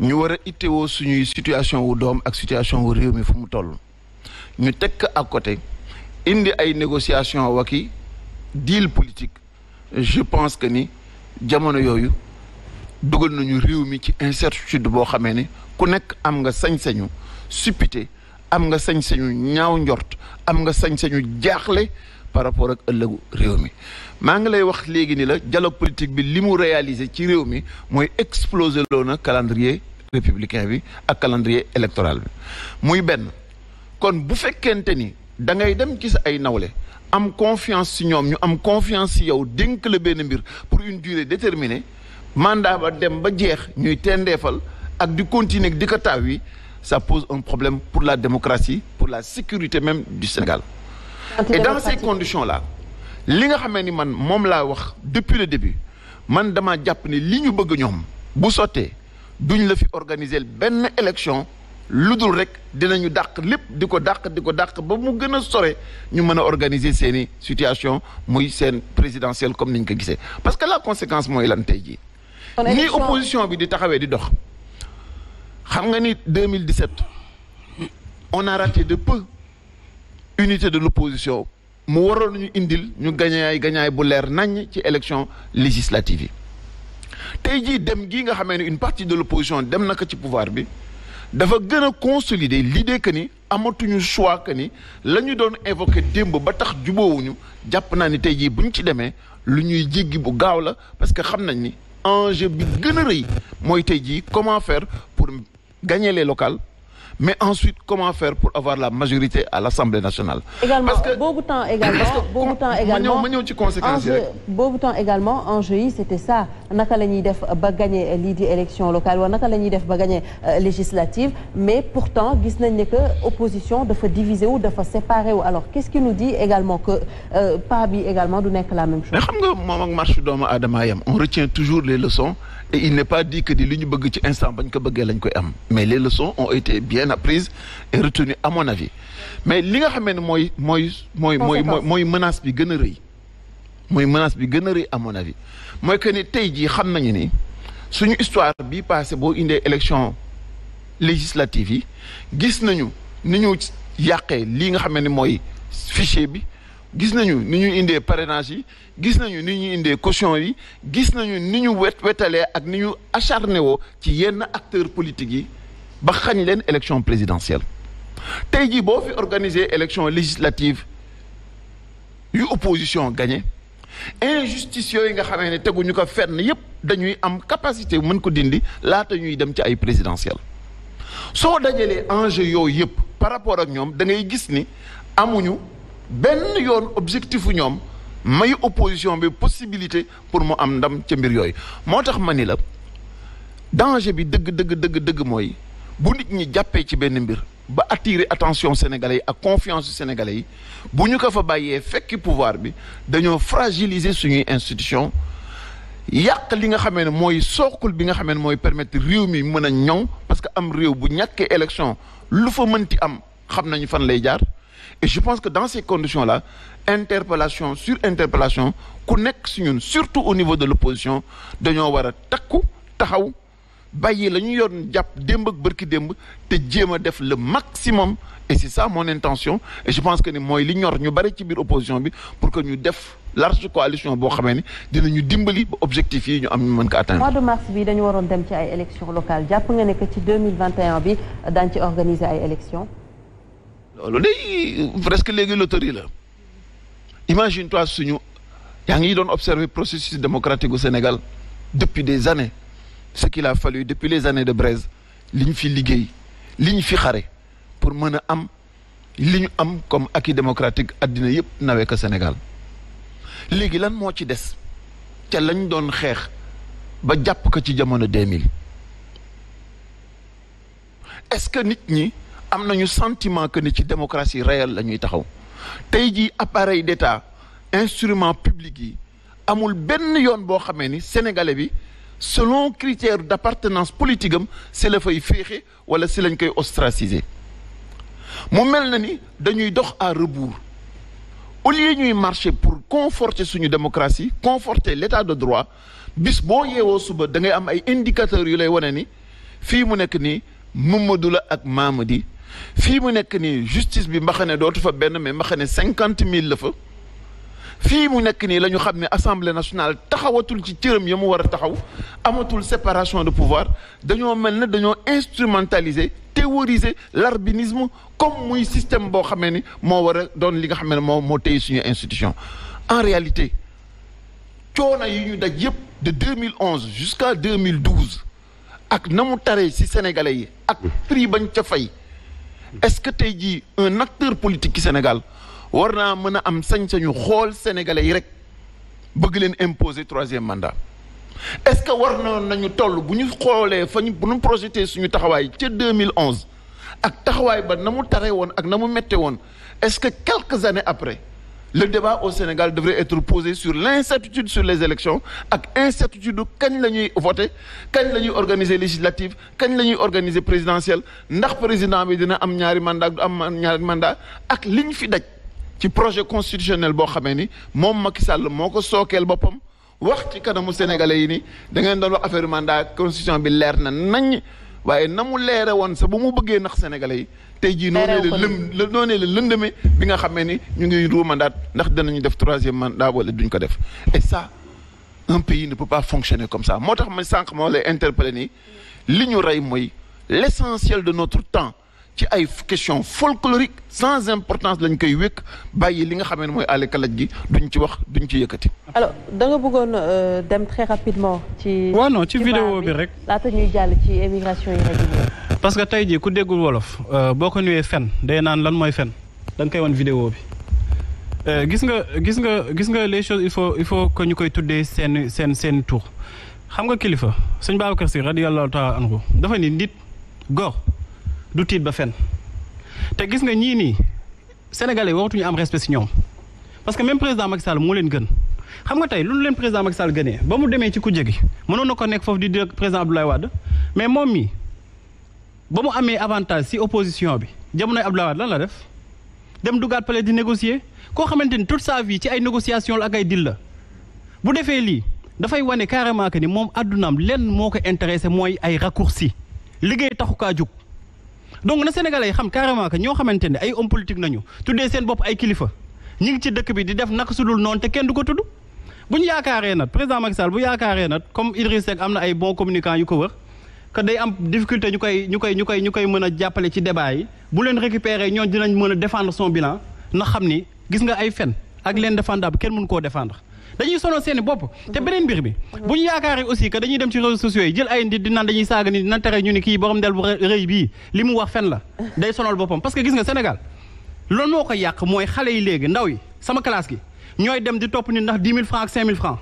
ñu war a ittewoo suñuy situation wu doom ak situation wu réew mi fu mu toll ñu tekk ak côté indi ay négociation waki deal politique je pense que ni jamono yooyu dugal nañu réew mi ci incertitude boo xamee ne ku nekk am nga sañ-sañu suppité am nga sañ-sañu ñaaw njort am nga sañ-sañu jaaxle par rapport ak ëllëgu réew mi maa ngi lay wax léegi ni la dialogue politique bi li mu réaliser ci réew mi mooy exploser loo na calendrier républicain bi ak calendrier électoral bi muy benn kon bu fekkente ni da ngay dem ci sa ay nawle am confiance ci ñoom ñu am confiance ci yow dénk la benn mbir pour une durée déterminée mandat ba dem ba jeex ñuy tendeefal ak di continuer di ko taw wi ça pose un problème pour la démocratie pour la sécurité même du Sénégal et dans ces conditions là li nga xamee ni man moom laa wax depuis le début man dama jàpp ni li ñu bëgg ñoom bu sottee duñ la fi organiser benn élection lu dul rek dinañu dàq lépp di ko dàq di ko dàq ba mu gën a sore ñu mën a organiser seeni situation muy seen présidentielle comme ni ñu ko gisee parce que la conséquence mooy lan tey jii ni opposition bi di taxawee di dox xam nga ni 2017 on a de peu unité de l'opposition mu waroon ñu indil ñu gañaay gañaay bu leer naññ ci élection législative yi tey jii dem gii nga xamee ne une partie de l'opposition dem na ko ci pouvoir bi dafa gën a consolider l'idée que ni amatuñu choix que ni la ñu doon évoquer démb ba tax juboowuñu jàpp naa ni tey jii buñ ci demee lu ñuy jéggi bu gaaw la parce que xam nañ ni enjeu bi gën a rëy mooy tey jii comment faire pour gagner les locales mais ensuite comment faire pour avoir la majorité à l'Assemblée nationale. Également, parce que boobu temps également boobu temps également ma ñëw ma ñëw ci conséquences yi rek. boobu temps également enjeu yi c'était ça. naka lañuy def ba gagné euh, lii di élection locale wala naka la ñuy def ba gagné euh, législative mais pourtant gis nañ ne que opposition dafa diviser wu dafa séparer wu alors qu'est-ce qui nous dit également que euh, pas bi également du nekk la même chose. mais xam nga moom ak marche doomu aadama yam on retient toujours les leçons et il n'est pas dit que di li ñu bëgg ci instant bañ ko bëggee lañ koy am mais les leçons ont été bien apprises et retenues à mon avis mais li nga xamee ne mooy mooy mooy mooy mooy menace bi gën a rëy mooy menace bi gën a rëy à mon avis mooy que ni tey jii xam nañu ni suñu histoire bi passé boo indee élection législative yi gis nañu ni ñu yàqee lii nga xam ne ni mooy fichier bi gis nañu ni ñu indee parrainage yi gis nañu ni ñu indee caution yi gis nañu ni ñu wet wetalee ak ni ñu acharné woo ci yenn acteur politique yi ba xañ leen élection présidentielle tey jii boo fi organiser élection législative yu opposition gagné injustice yooyu nga xamee ne teguñu ko fenn yépp dañuy am capacité mën ko dindi laata ñuy dem ci ay présidentielles soo dajalee enjeu yooyu yépp par rapport ak ñoom da ngay gis ni amuñu benn yoon objectif ñoom may opposition bi possibilité pour mu am ndam ca mbir yooyu moo tax ma ni la danger bi dëgg dëgg dëgg dëgg mooy bu nit ñi jàppee ci benn mbir ba attirer attention sénégalais yi ak confiance sénégalais yi bu ñu ko fa bàyyee fekki pouvoir bi dañoo fragiliser suñuy institution yàq li nga xamee ne mooy sookul bi nga xamee ne mooy permettre réew mi mën a ñoŋ parce que am réew bu ñàkkee élection lu fa mënti am xam nañu fan lay jaar et je pense que dans ces conditions là interpellation sur interpellation ku nekk si ñun surtout au niveau de l'opposition dañoo war a takku taxaw bàyyi la ñu yoon jàpp démbak bërki démb te jéem a def le maximum et c'est ça mon intention et je pense que ni mooy li ñor ñu bari ci biir opposition bi pour que ñu def large coalition boo xamee ne dinañu dimbali ba objectif yi ñu am ñu mën ko atteindre. mois de bi dañu waroon dem ci ay élections locales jàpp nga ne que ci 2021 bi daañu ci organiser ay élections. loolu day presque léegi loterie la imagine toi suñu yaa ngi doon observer processus démocratique au Sénégal depuis des années. ce qu'il a fallu depuis les années de Braise li ñu fi liggéey li ñu fi xare pour mën a am li ñu am comme acquis démocratique addina yëpp nawee ko Sénégal léegi lan moo ci des ca lañ doon xeex ba jàpp ko ci jamono 2000 est-ce que nit ñi am nañu sentiment que ni ci démocratie réelle la ñuy taxaw tey jii appareil d'État instrument public yi amul benn yoon boo xamee ni sénégalais bi selon critère d'appartenance politique am si la fay féexe wala si lañ koy ostraciser mu mel na ni dañuy dox à rebours au lieu ñuy marché pour conforter suñu démocratie conforter l'état de droit bis boo yeewoo suba da am ay indicateurs yu lay wane ni fii mu nekk nii Mamadou la ak di fii mu nekk nii justice bi mbaxane dootu fa benn mais mbaxane cinquante mille la fa fii mu nekk nii la ñu xam ne assemblée nationale taxawatul ci cëram yi mu war a taxaw amatul séparation de pouvoir dañoo mel ne dañoo instrumentaliser théoriser larbinisme comme muy système boo xamee ni moo war a doon li nga xam ne moo moo téye suñu institution en réalité coono yi ñu daj yëpp de 2011 jusqu'à ak na mu taree ci sénégalais yi ak prix bañ ca fay est-ce que tey jii un acteur politique ci Sénégal war naa mën a am sañ-sañu xool sénégalais yi rek bëgg leen imposé troisième mandat est-ce que war na nañu toll bu ñu xoolee fa ñu bu ñu projeté suñu taxawaay ca 2011 ak taxawaay ba na mu taree woon ak na mu mette woon est-ce que quelques années après le débat au Sénégal devrait être posé sur l'incertitude sur les élections ak incertitude kañ la ñuy voter kañ la ñuy organiser législative kañ la ñuy organiser présidentielle ndax président bi dina am ñaari mandat du am ñaari mandat ak liñ fi daj ci projet constitutionnel boo xamee ni moom Macky Sall moo ko sookeel boppam wax ci kanamu sénégalais yi ni da ngeen doon wax affaire mandat constitution bi leer na nañ waaye na mu leere woon sa bu mu bëggee nax sénégalais yi tey jii noonee la noonee la lëndëme bi nga xamee ni ñu ngi ruu mandat ndax danañu def troisième mandat wala duñ ko def et ça un pays ne peut pas fonctionner comme ça moo tax ma sànq moo lay interpellé nii li ñu rey mooy l'essentiel de notre temps ci ay question folklorique sans importance lañ koy wékk bàyyi li nga xam ne mooy àll kalaj gi duñ ci wax duñ ci yëkkati. alors da nga bëggoon euh, dem très rapidement. ci waaw ci vidéo bi rek. laata ñuy jàll ci émigration irrégulière. parce que tey jii ku déggul wolof euh, boo ko ñëwee fen day naan lan mooy fen da koy wan vidéo bi. Euh, gis nga gis nga gis nga les choses il faut il faut que ñu koy tuddee seen seen seen tur xam nga kilifa sëñ Babacar Si radiyallahu taala anhu dafa ni nit góor. du tiit ba fen te gis nga ñii nii sénégalais waratuñu am respect si ñoom parce que même président Macky Sall moo leen gën xam nga tey lu leen président Macky Sall gënee ba mu demee ci kujje gi mënoon na ko nekk foofu di di président Abdoulaye Wade mais moom mii ba mu amee avantage si opposition bi jamonoy Abdoulaye Wade lan la def dem dugaat palais di négocier koo xamante ni toute sa vie ci ay négociation la ak ay deal la bu defee lii dafay wane carrément que ni moom addunaam lenn moo ko intéressé mooy ay raccourci liggéey taxu kaa donc na sénégalais yi xam carrément que ñoo xamante ne ay homme politique nañu tuddee seen bopp ay kilifa ñi ngi ci dëkk bi di def naka sudul noonu te kenn du ko tudd bu ñu yaakaaree nag président Macky Sall bu yaakaaree nag comme Idriss Seck am na ay bons communicants yu ko wër que day am difficulté ñu koy ñu koy ñu koy ñu koy mën a jàppale ci débat yi bu leen récupérer ñoom dinañ mën a défendre son bilan na xam ni gis nga ay fen ak leen défendable kenn mun koo defendre dañuy sonal seeni bopp te beneen mbir bi bu ñu yaakaaree aussi que dañuy dem ci réseaux sociaux yi jël ay nit di naan dañuy saaga nit nan tere ñu ni kii borom del bu rëy bii li mu wax fen la day sonal boppam parce que gis nga Sénégal loolu moo ko yàq mooy xale yi léegi ndaw yi sama classe gi ñooy dem di topp nit ndax 10 000 francs ak 5 000 francs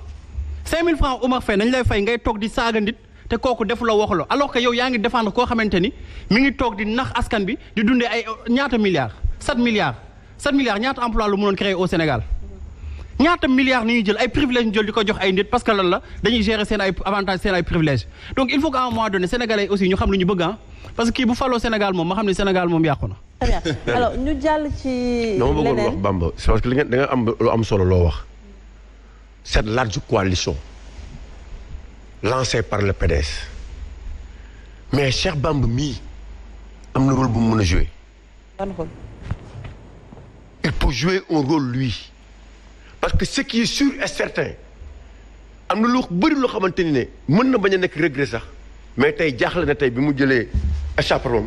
5 lay fay ngay toog di saaga nit te kooku defu la waxu la alors que yow yaa ngi défendre koo xamante ni mi ngi toog di nax askan bi di dundee ay ñaata milliards 7 milliards 7 milliards ñaata emploi lu Sénégal ñaata milliards ni ñuy jël ay privilèges ñu jël di ko jox ay nit parce que lan la dañuy gérer seen ay avantages seen ay privilèges donc il faut qu'à un moment donné sénégalais aussi ñu xam lu ñu bëgg parce que bu faloo Sénégal moom ma xam ne Sénégal moom yàqu na. très bien alors ñu wax Bamba c'est parce que li nga da nga am lu am solo loo wax. cette large coalition lancée par le PDS mais Cheikh bamb mii am na rôle bu mu mën a jouer. ban rôle. il peut jouer parce que ce qui est sûr et certain am na lu bëri loo xamante ni ne mën na bañ a nekk regret sax mais tey jaaxle na tey bi mu jëlee chaperon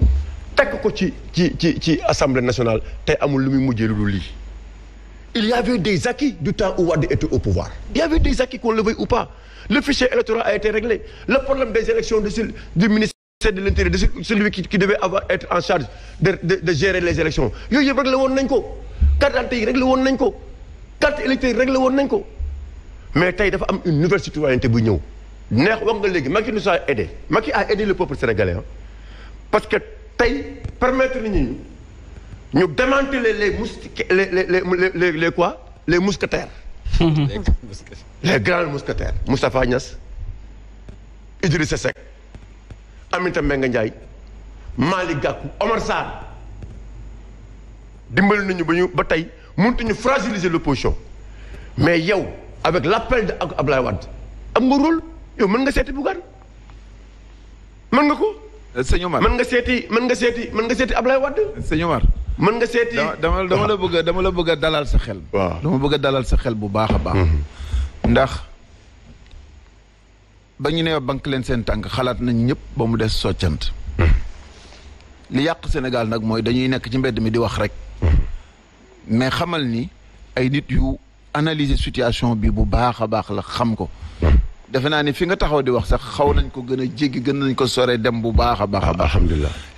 takk ko ci ci ci ci assemblée nationale tey amul lu muy mujjee lu dul lii. il y avait des acquis du temps où Wade était au pouvoir. il y avait des acquis qu'on le veuille ou pas le électoral a été réglé le problème des élections du ministère de l'intérieur de celui qui qui devait être en charge de de de gérer yooyu yëpp réglé woon nañ ko carte d'identité woon nañ ko. carte électeur yi réglé woon nañ ko mais tey dafa am une nouvelle bu ñëw neex wax nga léegi Macky nous a aidé Macky a aidé le peuple sénégalais parce que tey permettre nañu ñu demante les moustique les les les les les quoi les mousquetaires. les grands mousquetaires. Moustapha Niass Idrissa Seck Aminata Mbengue Ndiaye Malick Gakou Omar Sarr dimbali nañu ba ñu ba tey. mëntuñu le l'opposition mais yow avec l'appel de ak Ablaye Wade am nga rôle yow mën nga seeti Bougane mën nga ko. Euh, sëñ Omar mën nga seeti mën nga seeti mën nga seeti Ablaye Wade. sëñ Omar. mën nga seeti dama la bëgg dama bëgg a dalal sa xel. waaw dama bëgg a dalal sa xel bu baax a baax. Mhm. ndax ba ñu nee banque leen seen tànk xalaat nañ ñëpp ba mu des soccant. Mhm. li yàq Sénégal nag mooy dañuy nekk ci mbedd mi di wax rek. Mhm. mais xamal ni ay nit yu analyser situation bi bu baax a baax la xam ko defe naa ni fi nga taxaw di wax sax xaw nañ ko gën a jéggi gën nañ ko sore dem bu baax a baax a baax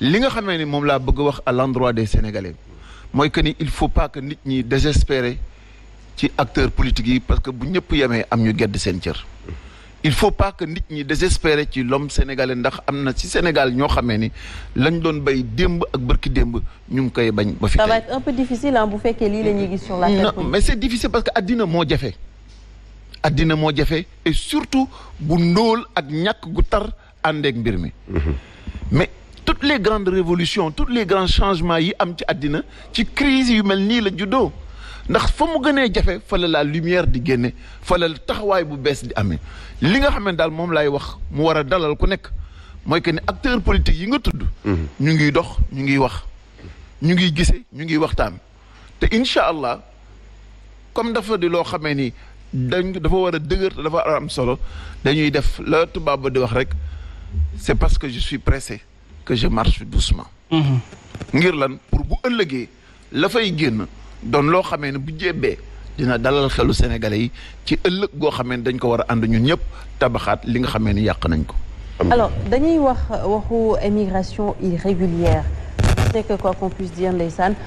li nga xamee ni moom laa bëgg a wax à l'endroit des sénégalais mooy que ni il faut pas nit ñi désespérer ci acteur politiques yi parce que bu ñëpp yemee am ñu gedd seen cër il faut pas que nit ñi désespérer ci l'homme sénégalais ndax am na ci Sénégal ñoo xamee ni lañ doon bay démb ak bërki démb ñu ngi koy bañ. ba fi ça va bu fekkee lii la ñuy gis sur la tête. non mais c'est difficile parce que addina moo jafe. addina moo jafe et surtout bu ndóol ak ñàkk gu tar àndeek mbir mi. Mhm. mais toutes les grandes révolutions tous les grands changements yi am ci addina ci crise yu mel nii la juddoo. ndax fa mu gënee jafe fa la lumière di génne fa taxawaay bu bees di amee li nga xam daal moom laay wax mu war a dalal ku nekk mooy que ne acteur politique yi nga tudd. Mhm. ñu ngiy dox ñu ngi wax ñu ngi gise ñu ngi waxtaan te incha allah comme dafa di loo xamee ni dañ dafa war a dëgër te dafa am solo dañuy def la tubaab ba di wax rek c'est parce que je suis pressé que je marche doucement. Mhm. ngir lan pour bu ëllëgee la fay génn. doon loo xamee ne bu jébbee dina dalal xelu sénégalais yi ci ëllëg goo xamee ne dañ ko war a ànd ñëpp tabaxaat li nga xamee ni yàq nañ ko. alors dañuy wax waxu immigration irrégulière c'est que quoi qu'on puisse dire ndeysaan